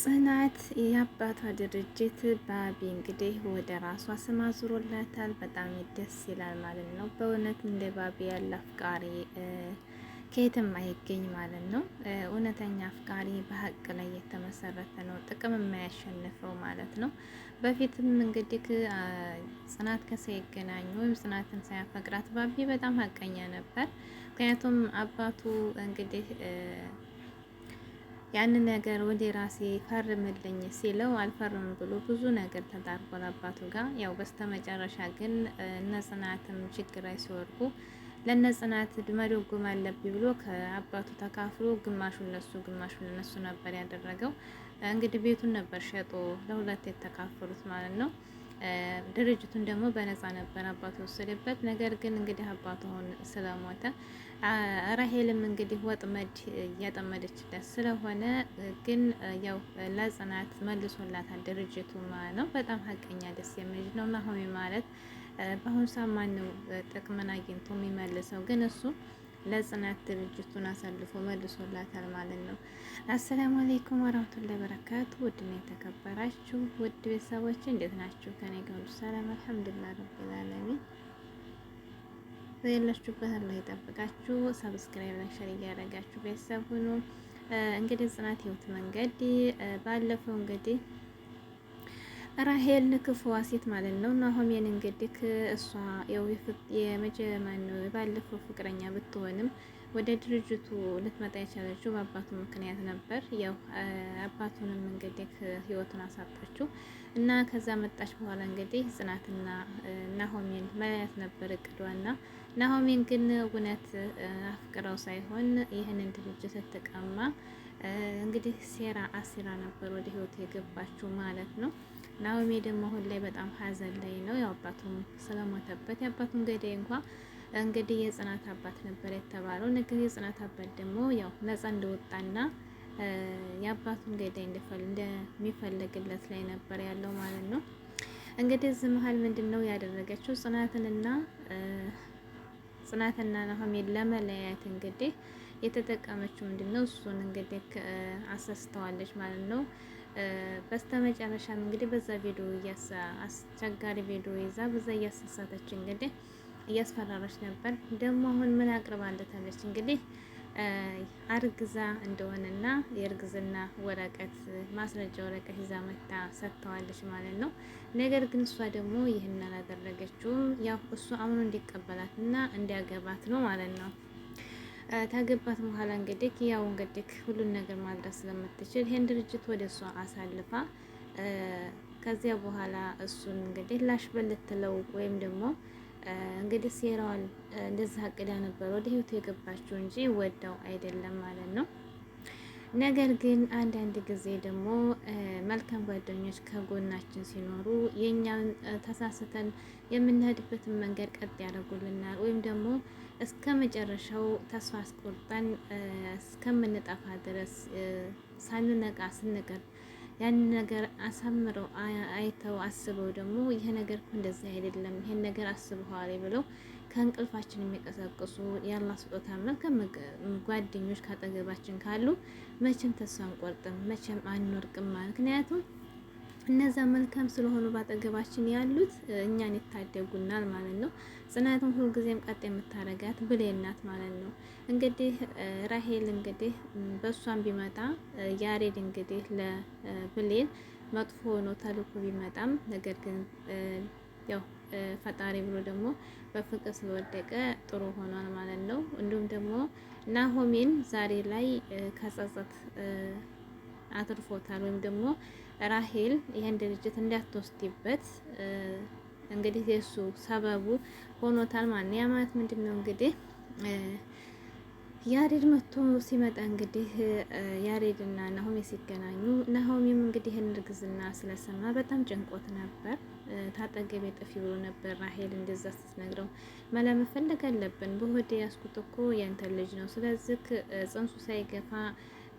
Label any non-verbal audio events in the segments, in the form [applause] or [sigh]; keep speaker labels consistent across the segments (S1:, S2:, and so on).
S1: ጽናት የአባቷ ድርጅት ባቢ እንግዲህ ወደ ራሷ ስም አዙሮላታል። በጣም ደስ ይላል ማለት ነው። በእውነት እንደ ባቢ ያለ አፍቃሪ ከየትም አይገኝ ማለት ነው። እውነተኛ አፍቃሪ በሀቅ ላይ የተመሰረተ ነው፣ ጥቅም የማያሸንፈው ማለት ነው። በፊትም እንግዲህ ጽናት ከሳይገናኙ ወይም ጽናትን ሳያፈቅራት ባቢ በጣም ሀቀኛ ነበር። ምክንያቱም አባቱ እንግዲህ ያንን ነገር ወደ ራሴ ፈርምልኝ ሲለው አልፈርም ብሎ ብዙ ነገር ተጣርጓል አባቱ ጋር። ያው በስተመጨረሻ ግን እነጽናትም ችግር ላይ ሲወርቁ ለነጽናት መደጎም አለብኝ ብሎ ከአባቱ ተካፍሎ ግማሹን ለሱ ግማሹን ለነሱ ነበር ያደረገው። እንግዲህ ቤቱን ነበር ሸጦ ለሁለት የተካፈሉት ማለት ነው። ድርጅቱን ደግሞ በነፃ ነበር አባቱ የወሰደበት። ነገር ግን እንግዲህ አባቱ አሁን ስለሞተ ራሄልም እንግዲህ ወጥመድ እያጠመደችለት ስለሆነ ግን ያው ለጽናት መልሶላታል ድርጅቱ ማለት ነው። በጣም ሀቀኛ ደስ የሚል ነው ናሆሚ ማለት በአሁኑ ሰዓት ማነው ጥቅምን አግኝቶ የሚመልሰው? ግን እሱ ለጽናት ድርጅቱን አሳልፎ መልሶላታል ማለት ነው። አሰላሙ አሌይኩም ወራህመቱላሂ ወበረካቱ። ውድና የተከበራችሁ ውድ ቤተሰቦች እንዴት ናችሁ? ከኔ ጋር ሰላም አልሐምዱሊላህ ረቢል ዓለሚን። በሌላችሁበት አላህ ይጠብቃችሁ። ሰብስክራይብ፣ ላይክ፣ ሼር እያደረጋችሁ ቤተሰብ ሁኑ። እንግዲህ ጽናት ህይወት መንገድ ባለፈው እንግዲህ ራሄል ክፉዋ ሴት ማለት ነው። ናሆሜን እንግዲህ እሷ የመጀመሪያው ባለፈው ፍቅረኛ ብትሆንም ወደ ድርጅቱ ልትመጣ የቻለችው በአባቱ ምክንያት ነበር። ያው አባቱንም እንግዲህ ህይወቱን አሳጣችው እና ከዛ መጣች በኋላ እንግዲህ ጽናትና ናሆሜን መለያት ነበር እቅዷና ናሆሜን ግን እውነት አፍቅረው ሳይሆን ይህንን ድርጅት ተቀማ እንግዲህ ሴራ አሲራ ነበር ወደ ህይወት የገባችው ማለት ነው። ናኦሚ ደግሞ አሁን ላይ በጣም ሀዘን ላይ ነው። ያው አባቱም ስለሞተበት የአባቱም ገዳይ እንኳ እንግዲህ የጽናት አባት ነበር የተባለው ነገር የጽናት አባት ደግሞ ያው ነጻ እንደወጣና የአባቱን ገዳይ እንደሚፈለግለት ላይ ነበር ያለው ማለት ነው። እንግዲህ እዚህ መሀል ምንድን ነው ያደረገችው? ጽናትንና ጽናትና ናሆሜን ለመለያየት እንግዲህ የተጠቀመችው ምንድን ነው? እሱን እንግዲህ አሰስተዋለች ማለት ነው። በስተመጨረሻም እንግዲህ በዛ ቪዲዮ አስቸጋሪ ቪዲዮ ይዛ በዛ እያሳሳተች እንግዲህ እያስፈራረች ነበር። ደግሞ አሁን ምን አቅርባለታለች እንግዲህ አርግዛ እንደሆነና የእርግዝና ወረቀት ማስረጃ ወረቀት ይዛ መታ ሰጥተዋለች ማለት ነው። ነገር ግን እሷ ደግሞ ይህን አላደረገችውም። ያው እሱ አምኖ እንዲቀበላትና እንዲያገባት ነው ማለት ነው። ታገባት በኋላ እንግዲህ ያው እንግዲህ ሁሉን ነገር ማድረስ ስለምትችል ይሄን ድርጅት ወደ እሷ አሳልፋ ከዚያ በኋላ እሱን እንግዲህ ላሽበል ልትለው ወይም ደግሞ እንግዲህ ሴራዋን እንደዚህ አቅዳ ነበር ወደ ህይወቱ የገባችው እንጂ ወዳው አይደለም ማለት ነው። ነገር ግን አንዳንድ ጊዜ ደግሞ መልካም ጓደኞች ከጎናችን ሲኖሩ የእኛን ተሳስተን የምንሄድበትን መንገድ ቀጥ ያደርጉልናል ወይም ደግሞ እስከ መጨረሻው ተስፋ አስቆርጠን እስከምንጠፋ ድረስ ሳንነቃ ስንቀር ያንን ነገር አሳምረው አይተው አስበው ደግሞ ይሄ ነገር እኮ እንደዚህ አይደለም፣ ይሄን ነገር አስበዋል ብለው ከእንቅልፋችን የሚቀሳቅሱ ያላ ስጦታ መልካም ጓደኞች ካጠገባችን ካሉ መቼም ተስፋ አንቆርጥም፣ መቼም አንወርቅም። ምክንያቱም እነዛ መልካም ስለሆኑ ባጠገባችን ያሉት እኛን ይታደጉናል ማለት ነው። ጽናትም ሁልጊዜም ቀጥ የምታረጋት ብሌናት ናት ማለት ነው። እንግዲህ ራሄል እንግዲህ በእሷን ቢመጣ ያሬድ እንግዲህ ለብሌን መጥፎ ሆኖ ተልኮ ቢመጣም ነገር ግን ያው ፈጣሪ ብሎ ደግሞ በፍቅር ስለወደቀ ጥሩ ሆኗል ማለት ነው። እንዲሁም ደግሞ ናሆሜን ዛሬ ላይ ከጸጸት አትርፎታል ወይም ደግሞ ራሄል ይሄን ድርጅት እንዳትወስድበት እንግዲህ የሱ ሰበቡ ሆኖታል። ማን ያ ማለት ምንድነው እንግዲህ ያሬድ መጥቶ ሲመጣ እንግዲህ ያሬድና ናሆሜ ሲገናኙ ናሆሜም እንግዲህ ይህን እርግዝና ስለሰማ በጣም ጭንቆት ነበር። ታጠገብ ጥፊ ብሎ ነበር። ራሄል እንደዛ ስትነግረው መላ መፈለግ አለብን በሆዴ ያስኩት እኮ ያንተ ልጅ ነው። ስለዚህ ጽንሱ ሳይገፋ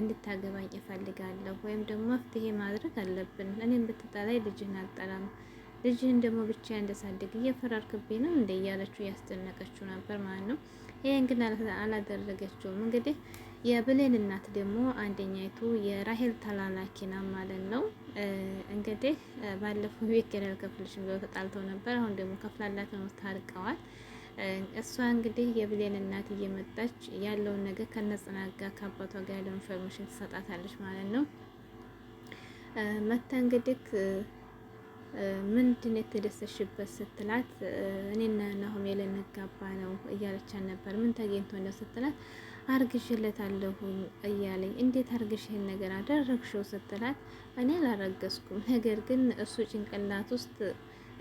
S1: እንድታገባኝ እፈልጋለሁ፣ ወይም ደግሞ መፍትሄ ማድረግ አለብን። እኔም ብትጠላይ ልጅህን አልጠላም፣ ልጅህን ደግሞ ብቻ እንደሳድግ እየፈራርክብኝ ነው እንደ እያለችው እያስጨነቀችው ነበር ማለት ነው። ይህን ግን አላደረገችውም። እንግዲህ የብሌን እናት ደግሞ አንደኛይቱ የራሄል ተላላኪና ማለት ነው። እንግዲህ ባለፈው ቤት ገዳል ከፍልሽ ብለው ተጣልተው ነበር። አሁን ደግሞ ከፍላላት ነው ታርቀዋል። እሷ እንግዲህ የብሌን እናት እየመጣች ያለውን ነገር ከነጽናት ጋር ከአባቷ ጋር ያለው ኢንፎርሜሽን ትሰጣታለች ማለት ነው። መታ እንግዲህ ምንድን የተደሰሽበት ስትላት እኔና ናሆሜ ልንጋባ ነው እያለቻት ነበር። ምን ተገኝቶ ነው ስትላት አርግሽለት አለሁ እያለኝ እንዴት አርግሽ ይህን ነገር አደረግሽው ስትላት እኔ አላረገዝኩም፣ ነገር ግን እሱ ጭንቅላት ውስጥ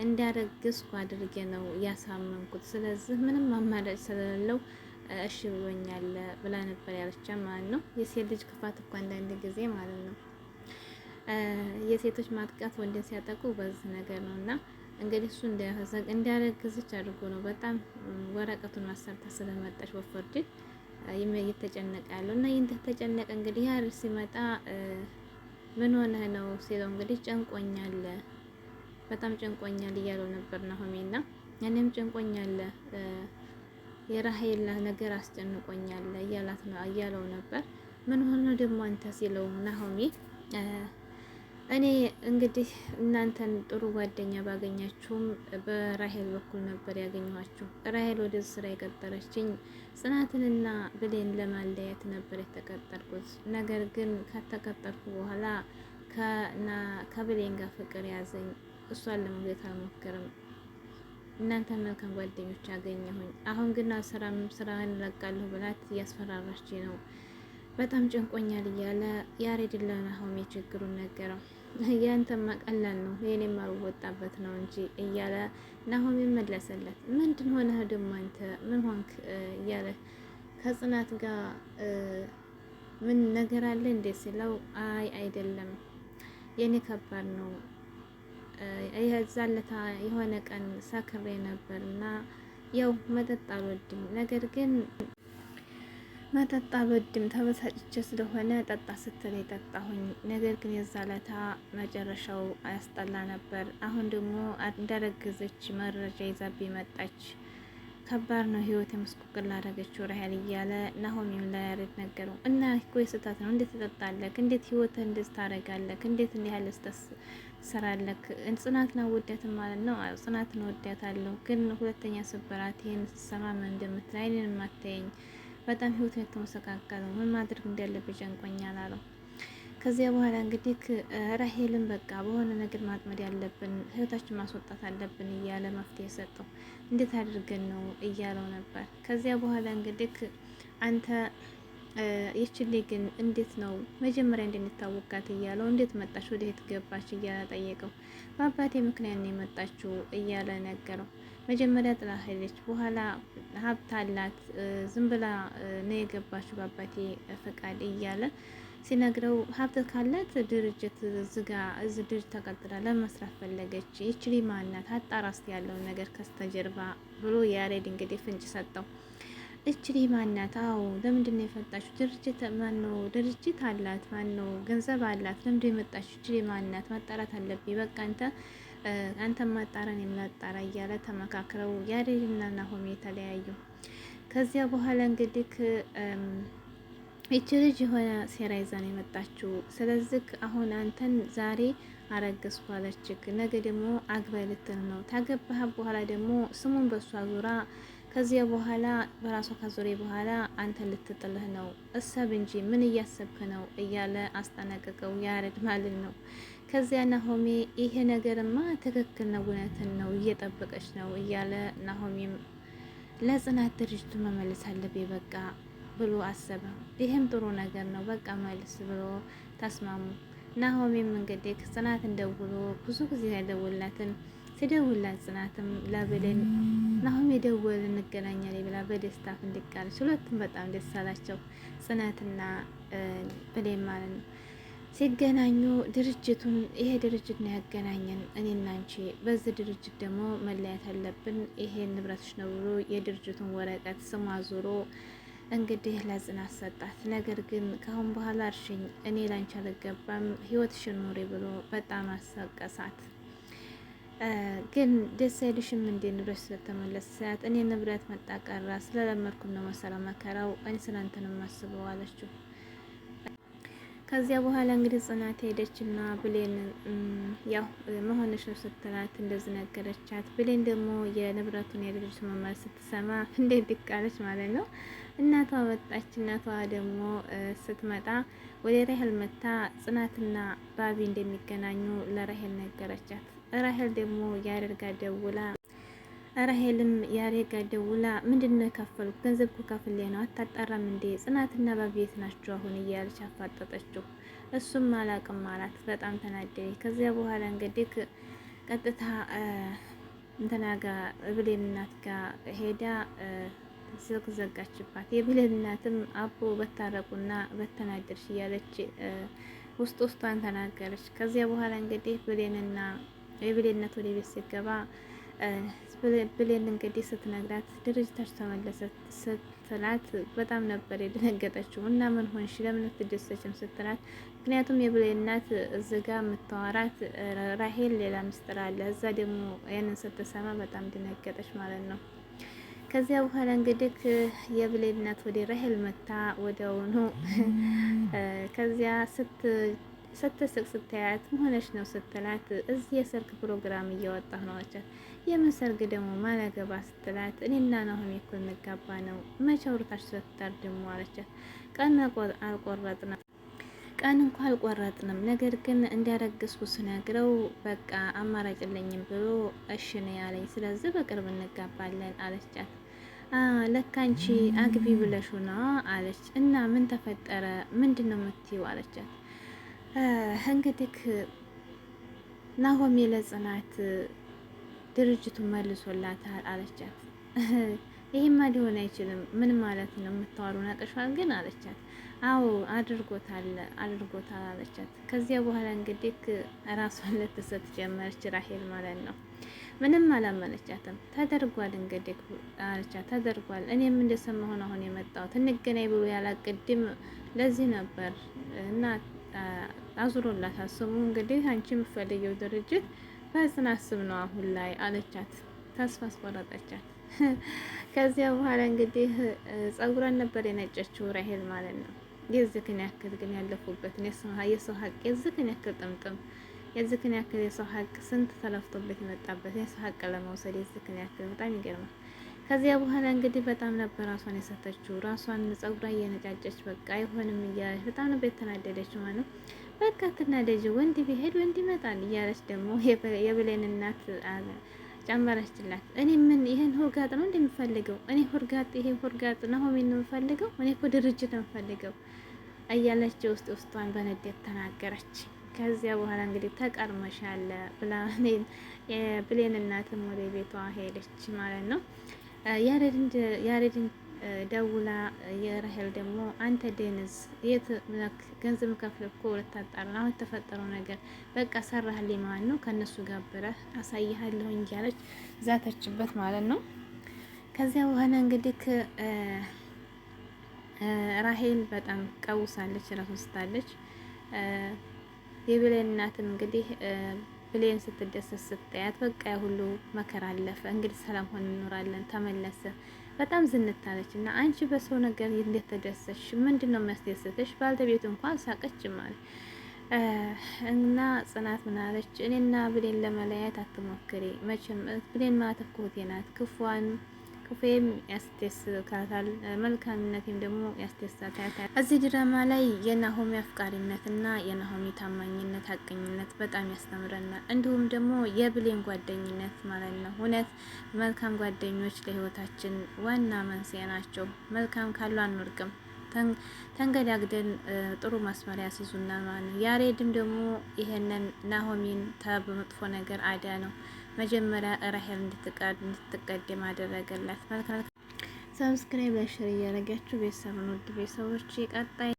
S1: እንዳረገዝኩ አድርጌ ነው ያሳመንኩት። ስለዚህ ምንም አማራጭ ስለሌለው እሺ ብሎኛል ብላ ነበር ያለቻ ማለት ነው። የሴት ልጅ ክፋት እኮ አንዳንድ ጊዜ ማለት ነው የሴቶች ማጥቃት ወንድን ሲያጠቁ በዚህ ነገር ነው እና እንግዲህ እሱ እንዳረገዝች አድርጎ ነው በጣም ወረቀቱን ማሰርታ ስለመጣች ወፈርድ እየተጨነቀ ያለው እና ይህ እንግዲህ ያር ሲመጣ ምን ሆነህ ነው ሲለው እንግዲህ ጨንቆኛል በጣም ጭንቆኛል እያለው ነበር ናሆሜና እኔም ጭንቆኛል የራሄል ነገር አስጨንቆኛል እያላት ነው እያለው ነበር። ምን ሆነ ደግሞ አንተ ሲለው ናሆሜ እኔ እንግዲህ እናንተን ጥሩ ጓደኛ ባገኛችሁም በራሄል በኩል ነበር ያገኘኋችሁ። ራሄል ወደ ስራ የቀጠረችኝ ጽናትንና ብሌን ለማለያየት ነበር የተቀጠርኩት። ነገር ግን ከተቀጠርኩ በኋላ ከብሌን ጋር ፍቅር ያዘኝ። እሷን ለማግኘት አልሞክርም። እናንተ መልካም ጓደኞች አገኘሁኝ። አሁን ግን አልሰራም፣ ስራህን እለቃለሁ ብላት እያስፈራራች ነው። በጣም ጭንቆኛል እያለ ያሬድን ለናሆሜ ችግሩን ነገረው። ያንተማ ቀላል ነው የኔም አልወጣበት ነው እንጂ እያለ ናሆሜ መለሰለት። ምንድን ሆነህ ደግሞ አንተ ምን ሆንክ እያለ ከጽናት ጋር ምን ነገር አለ እንዴት ስለው አይ አይደለም የኔ ከባድ ነው የዛለታ የሆነ ቀን ሰክሬ ነበር እና ያው መጠጥ አልወድም። ነገር ግን መጠጥ አልወድም ተበሳጭቼ ስለሆነ ጠጣ ስትል የጠጣሁኝ። ነገር ግን የዛለታ መጨረሻው አያስጠላ ነበር። አሁን ደግሞ እንዳረገዘች መረጃ ይዛብኝ መጣች። ከባድ ነው ህይወት የምስቁቅል ላደረገችው ራሄል እያለ ናሆሚም ለያሬድ ነገረው እና እኮ የስህተት ነው እንዴት ትጠጣለህ እንዴት ህይወት እንደዚህ ታደርጋለህ እንዴት እንዲህ ያለ ሰራለክ ስራለክ ነው አወዳትም ማለት ነው። ነው ጽናትን እወዳታለሁ፣ ግን ሁለተኛ ስብራት ይህን ስሰማ ምን እንደምትል አይንን ማታየኝ በጣም ህይወት የተመሰቃቀለው ምን ማድረግ እንዳለብኝ ጨንቆኛል አለው። ከዚያ በኋላ እንግዲህ ራሄልን በቃ በሆነ ነገር ማጥመድ ያለብን ህይወታችን ማስወጣት አለብን እያለ መፍትሄ ሰጠው። እንዴት አድርገን ነው እያለው ነበር። ከዚያ በኋላ እንግዲህ አንተ ይችሌ ግን እንዴት ነው መጀመሪያ እንድንታወቃት እያለው እንዴት መጣች፣ ወደየት ገባች እያለ ጠየቀው። በአባቴ ምክንያት ነው የመጣችው እያለ ነገረው። መጀመሪያ ጥላ ሄደች፣ በኋላ ሀብት አላት ዝም ብላ ነው የገባችው በአባቴ ፈቃድ እያለ ሲነግረው ሀብት ካላት ድርጅት ዝጋ እዚ ድርጅት ተቀጥራ ለመስራት ፈለገች። ይችሊ ማናት አጣራ ያለውን ነገር ከስተጀርባ ብሎ ያሬድ እንግዲህ ፍንጭ ሰጠው። እች ልጅ ማናት? አዎ ለምንድን ነው የፈጣችሁ? ድርጅት ማን ነው? ድርጅት አላት ማን ነው? ገንዘብ አላት። ለምንድን የመጣችሁ? እች ልጅ ማናት? ማጣራት አለብኝ። በቃ አንተ አንተ ማጣራን የምናጣራ እያለ ተመካክረው ያሬድና ናሆም የተለያዩ። ከዚያ በኋላ እንግዲህ እች ልጅ የሆነ ሴራ ይዛ ነው የመጣችው። ስለዚህ አሁን አንተን ዛሬ አረገዝኩ አለችክ፣ ነገ ደግሞ አግባይ ልትል ነው። ታገባህ በኋላ ደግሞ ስሙን በእሷ ዙራ ከዚያ በኋላ በራሷ ካዞሬ በኋላ አንተ ልትጥልህ ነው እሰብ እንጂ ምን እያሰብክ ነው እያለ አስጠነቀቀው ያሬድ ማለት ነው። ከዚያ ናሆሜ ይሄ ነገርማ ትክክል ነው፣ እውነትን ነው፣ እየጠበቀች ነው እያለ ናሆሜም ለጽናት ድርጅቱ መመለስ አለብኝ በቃ ብሎ አሰበ። ይህም ጥሩ ነገር ነው በቃ መልስ ብሎ ተስማሙ። ናሆሜም እንግዲህ ጽናትን ደውሎ ብዙ ጊዜ ያደውላትን ስደውላት ጽናትም ላበደን ናሁም የደወል እንገናኛል ብላ በደስታ ፍንድቃለች። ሁለቱም በጣም ደስ አላቸው ጽናትና ብሌን ማለት ነው። ሲገናኙ ድርጅቱን ይሄ ድርጅት ነው ያገናኘን እኔና አንቺ፣ በዚህ ድርጅት ደግሞ መለያት አለብን፣ ይሄ ንብረቶች ነው ብሎ የድርጅቱን ወረቀት ስሟ አዙሮ እንግዲህ ለጽናት ሰጣት። ነገር ግን ከአሁን በኋላ እርሽኝ፣ እኔ ላንቺ አልገባም፣ ህይወትሽን ኑሪ ብሎ በጣም አሳቀሳት። ግን ደስ አይልሽም እንዴ? ንብረት ስለተመለስ ሰዓት እኔ ንብረት መጣ ቀራ ስለለመድኩ ነው መሰለ መከራው። እኔ ስላንተን ማስበው አለችው። ከዚያ በኋላ እንግዲህ ጽናት ሄደችና ብሌን ያው መሆንሽ ነው ስትላት እንደዚህ ነገረቻት። ብሌን ደግሞ የንብረቱን የልጆች መመር ስትሰማ [laughs] እንዴት ድቃለች ማለት ነው። እናቷ መጣች። እናቷ ደግሞ ስትመጣ ወደ ራሄል መታ ጽናትና ባቢ እንደሚገናኙ ለራሄል ነገረቻት። ራሄል ደግሞ ያሬድ ደውላ ራሄልም ያሬድ ጋር ደውላ ምንድነው የከፈልኩት ገንዘብ ከፍሌ ነው አታጣራም እንዴ ጽናትና ባብየት ናቸው አሁን እያለች አፋጠጠችው። እሱም አላቅም አላት። በጣም ተናደደ። ከዚያ በኋላ እንግዲህ ቀጥታ እንትና ጋ ብሌን እናት ጋ ሄዳ ስልክ ዘጋችባት። የብሌን እናትም አቦ በታረቁና በተናደድሽ እያለች ውስጥ ውስጧን ተናገረች። ከዚያ በኋላ እንግዲህ ብሌንና የብሌነት ወደ ቤት ሲገባ ብሌን እንግዲህ ስትነግራት ድርጅታች ተመለሰ ስትላት በጣም ነበር የደነገጠችው። እና ምን ሆንሽ ለምን ትደሰችም? ስትላት፣ ምክንያቱም የብሌናት እዚጋ የምታወራት ራሄል ሌላ ምስጥር አለ። እዛ ደግሞ ያንን ስትሰማ በጣም ደነገጠች ማለት ነው። ከዚያ በኋላ እንግዲህ የብሌናት ወደ ራሄል መታ ወደውኑ ከዚያ ስት ስትስቅ ስታያት መሆነች ነው ስትላት እዚህ የሰርግ ፕሮግራም እያወጣሁ ነው አለቻት። የምን ሰርግ ደግሞ ማለገባ ስትላት እኔና ናሆሜ እኮ እንጋባ ነው መቼ አውርታች ስትጠር ደግሞ አለቻት። ቀን አልቆረጥንም ቀን እንኳ አልቆረጥንም፣ ነገር ግን እንዲያረግዝኩ ስነግረው በቃ አማራጭ የለኝም ብሎ እሺ ነው ያለኝ። ስለዚህ በቅርብ እንጋባለን አለቻት። ለካ አግቢ ብለሽ አለች እና ምን ተፈጠረ ምንድን ነው የምትይው አለቻት። እንግዲህ ናሆሜ ለጽናት ድርጅቱን መልሶላታል አለቻት። ይሄማ ሊሆን አይችልም። ምን ማለት ነው የምታወሩ ነቅሻል ግን አለቻት። አዎ አድርጎታል አድርጎታል አለቻት። ከዚያ በኋላ እንግዲህ ራሷን ልትሰጥ ጀመረች ራሄል ማለት ነው። ምንም አላመነቻትም። ተደርጓል እንግዲህ አለቻት። ተደርጓል እኔም እንደሰማሁን አሁን የመጣሁት እንገናኝ ብሎ ያላቅድም ለዚህ ነበር እና አዙሮላታል። ስሙ እንግዲህ አንቺ የምትፈልጊው ድርጅት በጽናት ነው አሁን ላይ አለቻት። ተስፋ አስቆረጠቻት። [laughs] ከዚያ በኋላ እንግዲህ ጸጉሯን ነበር የነጨችው ራሄል ማለት ነው። የዚህን ያክል ግን ያለፉበት የሰው ሀቅ የዚህን ያክል ጥምጥም የዚህን ያክል የሰው ሀቅ ስንት ተለፍቶበት የመጣበት የሰው ሀቅ ለመውሰድ የዚህን ያክል በጣም ይገርማል። ከዚያ በኋላ እንግዲህ በጣም ነበር ራሷን የሰተችው። ራሷን ጸጉሯ እየነጫጨች በቃ አይሆንም እያለች በጣም ነበር የተናደደች ማለት ነው። በቃ ትናደጅ፣ ወንድ ቢሄድ ወንድ ይመጣል እያለች ደግሞ የብሌን እናት ጨመረችላት። እኔ ምን ይህን ሁርጋጥ ነው እንደምፈልገው እኔ ሁርጋጥ ይሄ ሁርጋጥ ናሆሜን ነው የምፈልገው እኔ እኮ ድርጅት ነው የምፈልገው እያለች ውስጥ ውስጧን በንዴት ተናገረች። ከዚያ በኋላ እንግዲህ ተቀርመሻለ ብላ ብሌን እናትም ወደ ቤቷ ሄደች ማለት ነው። ያሬድን ደውላ የራሄል ደግሞ አንተ ደንዝ የት ምለክ ገንዘብ ከፍል እኮ ልታጣር ነው የተፈጠረው ነገር በቃ ሰራህልኝ ማለት ነው ከእነሱ ጋር ብረህ አሳይሃለሁ እያለች ዛተችበት ማለት ነው። ከዚያ በኋላ እንግዲህ ራሄል በጣም ቀውሳለች፣ ረሱስታለች። ስታለች። የብሌን እናትም እንግዲህ ብሌን ስትደሰት ስታያት በቃ ሁሉ መከራ አለፈ፣ እንግዲህ ሰላም ሆን እንኖራለን ተመለሰ። በጣም ዝንታለች እና አንቺ በሰው ነገር እንዴት ተደሰሽ? ምንድን ነው የሚያስደሰተሽ? ባልተቤቱ እንኳን ሳቀች ማለት እና ጽናት ምናለች? እኔና ብሌን ለመለያየት አትሞክሪ መቼም ብሌን ማለት ናት ክፏን ክፉም ያስደስታታል፣ መልካምነትም ደግሞ ያስደስታታል። እዚህ ድራማ ላይ የናሆሚ አፍቃሪነትና የናሆሚ ታማኝነት፣ ሀቀኝነት በጣም ያስተምረናል። እንዲሁም ደግሞ የብሌን ጓደኝነት ማለት ነው። እውነት መልካም ጓደኞች ለህይወታችን ዋና መንስኤ ናቸው። መልካም ካሉ አንወድቅም። ተንገዳግደን ጥሩ መስመር ያስይዙና ማለት ነው። ያሬድም ደግሞ ይሄንን ናሆሚን ተበመጥፎ ነገር አዳ ነው መጀመሪያ ራሄል እንድትቀደም አደረገላት። ሰብስክራይብ፣ ላይክ፣ ሼር እያደረጋችሁ ቤተሰብ ነው። ውድ ቤተሰቦች ቀጣይ